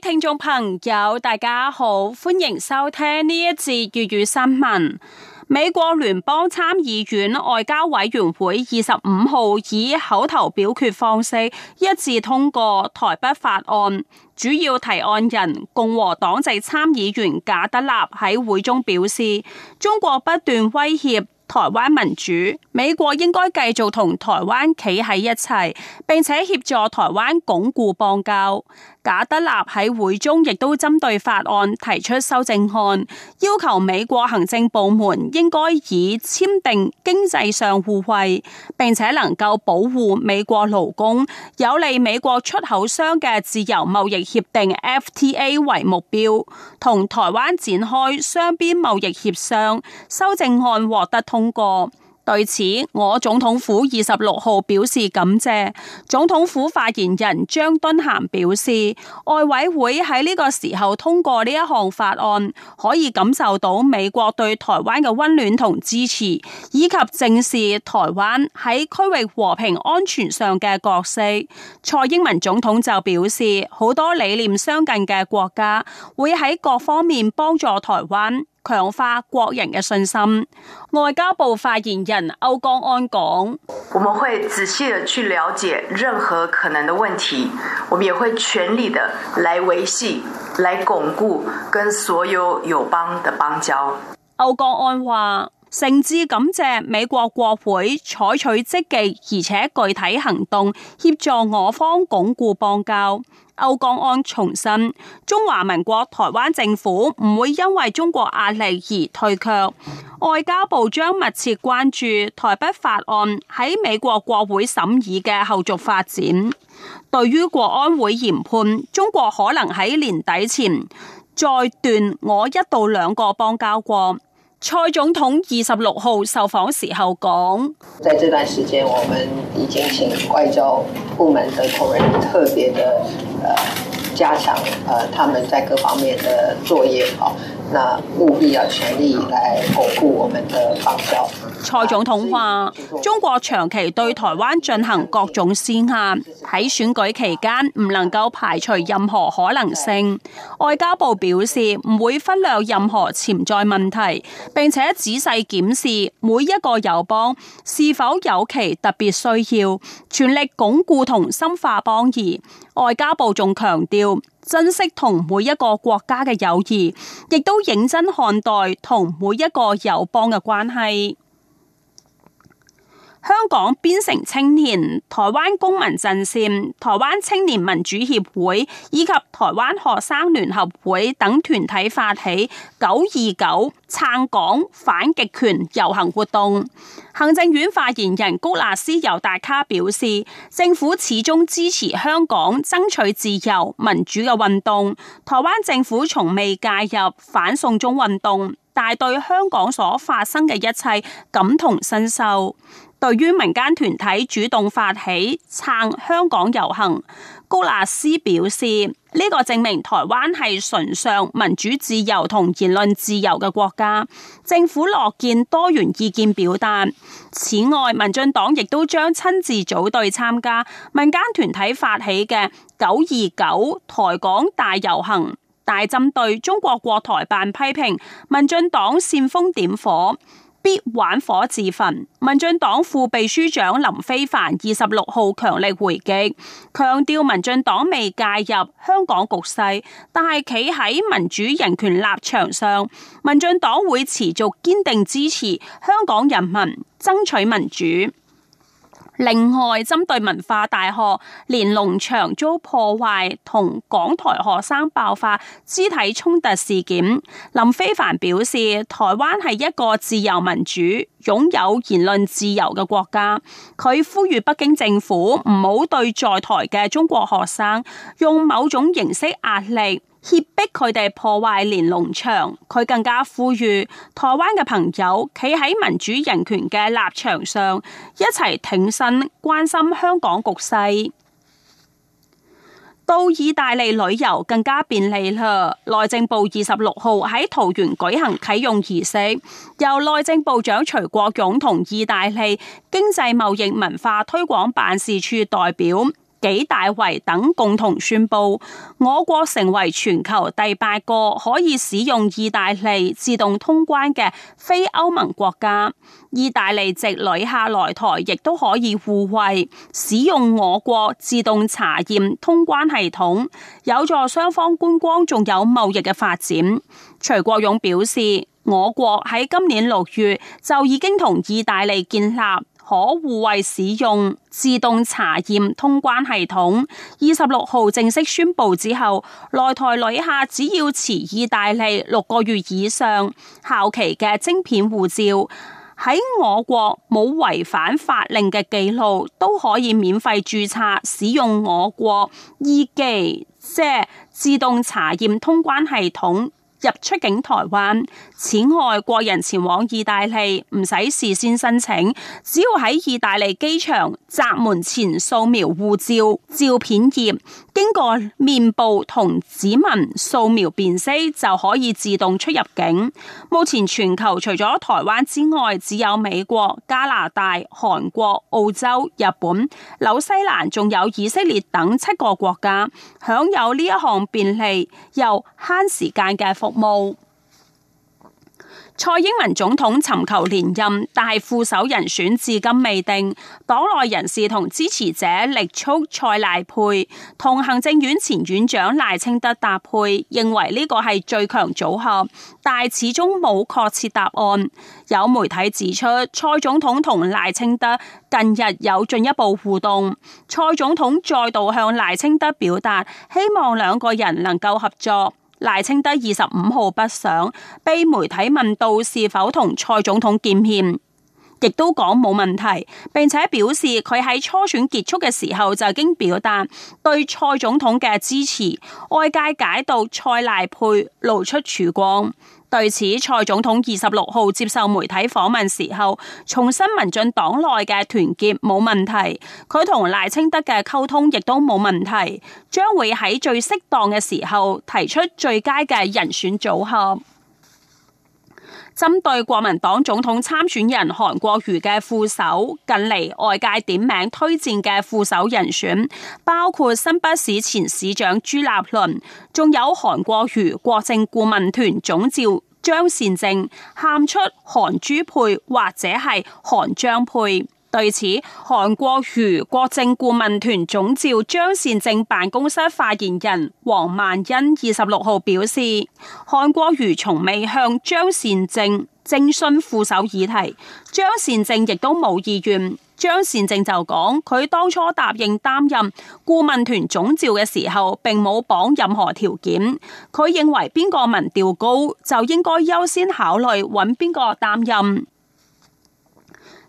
聽眾朋友，大家好，歡迎收聽呢一節粵語新聞。美國聯邦參議院外交委員會二十五號以口頭表決方式一致通過台北法案。主要提案人共和黨籍參議員賈德納喺會中表示，中國不斷威脅。台灣民主，美國應該繼續同台灣企喺一齊，並且協助台灣鞏固邦交。賈德納喺會中亦都針對法案提出修正案，要求美國行政部門應該以簽訂經濟上互惠，並且能夠保護美國勞工、有利美國出口商嘅自由貿易協定 FTA 為目標，同台灣展開雙邊貿易協商。修正案獲得通。通過，對此，我總統府二十六號表示感謝。總統府發言人張敦涵表示，外委會喺呢個時候通過呢一項法案，可以感受到美國對台灣嘅溫暖同支持，以及正視台灣喺區域和平安全上嘅角色。蔡英文總統就表示，好多理念相近嘅國家會喺各方面幫助台灣。強化國人嘅信心，外交部發言人歐江安講：我們會仔細地去了解任何可能的問題，我們也會全力地來維繫、來鞏固跟所有友邦的邦交。歐江安話：誠摯感謝美國國會採取積極而且具體行動，協助我方鞏固邦交。歐江安重申，中華民國台灣政府唔會因為中國壓力而退卻。外交部將密切關注台北法案喺美國國會審議嘅後續發展。對於國安會研判，中國可能喺年底前再斷我一到兩個邦交國。蔡總統二十六號受訪時候講：在這段時間，我們已經請外交部門的同仁特別的、加強、他們在各方面的作業，好，那務必要全力來鞏固我們的邦交。蔡總統話：中國長期對台灣進行各種施壓。喺選舉期間，唔能夠排除任何可能性。外交部表示唔會忽略任何潛在問題，並且仔細檢視每一個友邦是否有其特別需要，全力鞏固同深化邦誼。外交部仲強調，珍惜同每一個國家嘅友誼，亦都認真看待同每一個友邦嘅關係。香港邊城青年、台灣公民陣線、台灣青年民主協會以及台灣學生聯合會等團體發起九二九撐港反極權遊行活動。行政院發言人谷辣斯尤達卡表示，政府始終支持香港爭取自由民主嘅運動。台灣政府從未介入反送中運動，但對香港所發生嘅一切感同身受。對於民間團體主動發起撐香港遊行，高納斯表示呢、這個證明台灣係崇尚民主自由同言論自由嘅國家，政府樂見多元意見表達。此外，民進黨亦都將親自組隊參加民間團體發起嘅九二九台港大遊行，大針對中國國台辦批評民進黨煽風點火。必玩火自焚。民進黨副秘書長林飛帆二十六號強力回擊，強調民進黨未介入香港局勢，但係企喺民主人權立場上，民進黨會持續堅定支持香港人民爭取民主。另外，針對文化大學連儂牆遭破壞同港台學生爆發肢體衝突事件，林飛帆表示，台灣係一個自由民主，擁有言論自由嘅國家，佢呼籲北京政府唔好對在台嘅中國學生用某種形式壓力脅迫佢哋破壞連儂牆。佢更加呼籲台灣嘅朋友企喺民主人權嘅立場上，一齊挺身關心香港局勢。到意大利旅遊更加便利啦！內政部二十六號喺桃園舉行啟用儀式，由內政部長徐國勇同意大利經濟貿易文化推廣辦事處代表幾大維等共同宣布，我國成為全球第八個可以使用意大利自動通關嘅非歐盟國家。意大利籍旅客來台，亦都可以互惠使用我國自動查驗通關系統，有助雙方觀光仲有貿易嘅發展。徐國勇表示，我國喺今年六月就已經同意大利建立，可互惠使用自動查驗通關系統。二十六號正式宣布之後，來台旅客只要持意大利六個月以上效期嘅晶片護照，喺我國冇違反法令嘅記錄，都可以免費註冊使用我國 e 記即自動查驗通關系統。入出境台灣，此外，國人前往意大利唔使事先申請，只要喺意大利機場閘門前掃描護照照片頁，經過面部同指紋掃描辨識，就可以自動出入境。目前全球除咗台灣之外，只有美國、加拿大、韓國、澳洲、日本、紐西蘭，仲有以色列等七個國家享有呢一項便利又慳時間嘅服。蔡英文總統尋求連任，但係副手人選至今未定。黨內人士同支持者力促蔡賴配，同行政院前院長賴清德搭配，認為呢個係最強組合，但始終冇確切答案。有媒體指出，蔡總統同賴清德近日有進一步互動，蔡總統再度向賴清德表達，希望兩個人能夠合作。賴清德二十五號北上，被媒體問到是否同蔡總統見面，亦都講冇問題，並且表示佢喺初選結束嘅時候就已經表達對蔡總統嘅支持，外界解讀蔡賴配露出曙光。對此，蔡總統二十六號接受媒體訪問時候，重申民進黨內嘅團結冇問題，佢同賴清德嘅溝通亦都冇問題，將會喺最適當嘅時候提出最佳嘅人選組合。針對國民黨總統參選人韓國瑜嘅副手，近嚟外界點名推薦嘅副手人選，包括新北市前市長朱立倫，仲有韓國瑜國政顧問團總召張善政，喊出韓朱配或者係韓張配。對此，韓國瑜國政顧問團總召張善政辦公室發言人黃萬恩二十六號表示，韓國瑜從未向張善政徵詢副手議題，張善政亦都冇意願。張善政就講，佢當初答應擔任顧問團總召嘅時候，並冇綁任何條件。佢認為邊個民調高就應該優先考慮揾邊個擔任。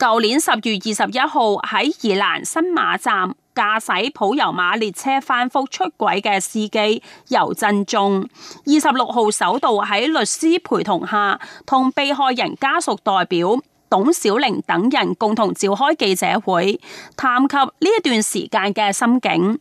舊年十月二十一號喺宜蘭新馬站駕駛普悠瑪列車翻覆出軌嘅司機尤振仲，二十六號首度喺律師陪同下，同被害人家屬代表董小玲等人共同召開記者會，談及呢一段時間嘅心境。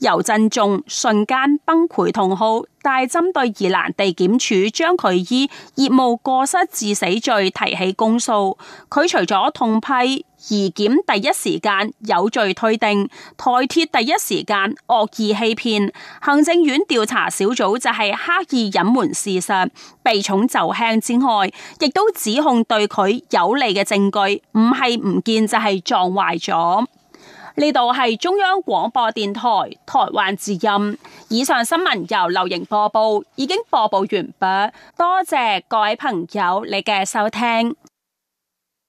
尤振仲瞬間崩潰痛哭，但係針對宜蘭地檢署將佢以業務過失致死罪提起公訴，佢除咗痛批宜檢第一時間有罪推定、台鐵第一時間惡意欺騙、行政院調查小組就係刻意隱瞞事實、避重就輕之外，亦都指控對佢有利嘅證據唔係唔見就係撞壞咗。呢度係中央廣播電台台灣之音，以上新聞由流行播報，已經播報完畢，多謝各位朋友你嘅收聽。